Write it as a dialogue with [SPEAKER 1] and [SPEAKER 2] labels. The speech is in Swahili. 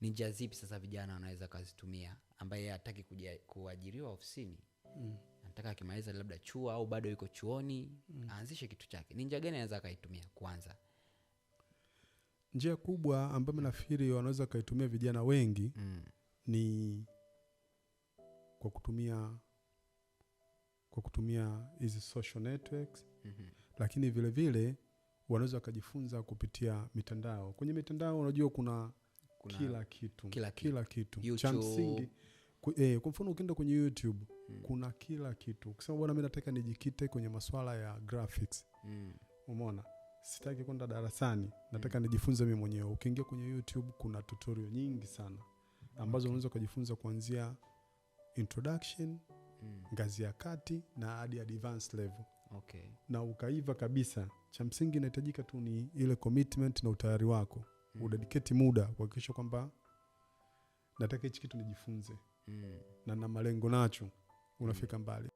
[SPEAKER 1] ni njia zipi sasa vijana wanaweza kazitumia, ambaye hataki kuajiriwa ofisini mm. anataka akimaliza labda chuo au bado yuko chuoni mm. aanzishe kitu chake, ni njia gani anaweza akaitumia kwanza?
[SPEAKER 2] Njia kubwa ambayo nafikiri wanaweza wakaitumia vijana wengi mm. ni kwa kutumia kwa kutumia hizi social networks mm-hmm. lakini vile vile wanaweza wakajifunza kupitia mitandao. Kwenye mitandao, unajua kuna kuna kila kitu, kila kitu, kila kitu.
[SPEAKER 1] cha msingi
[SPEAKER 2] eh, kwa mfano ukienda kwenye YouTube mm. kuna kila kitu. Ukisema bwana, mimi nataka nijikite kwenye masuala ya graphics mm. umeona sitaki kwenda darasani, nataka mm. nijifunze mimi mwenyewe. Ukiingia kwenye YouTube kuna tutorial nyingi sana ambazo unaweza okay. ukajifunza kuanzia introduction mm. ngazi ya kati na hadi advanced level okay. na ukaiva kabisa. Cha msingi inahitajika tu ni ile commitment na utayari wako udediketi muda kuhakikisha kwamba nataka hichi kitu nijifunze mm. na na malengo nacho unafika mbali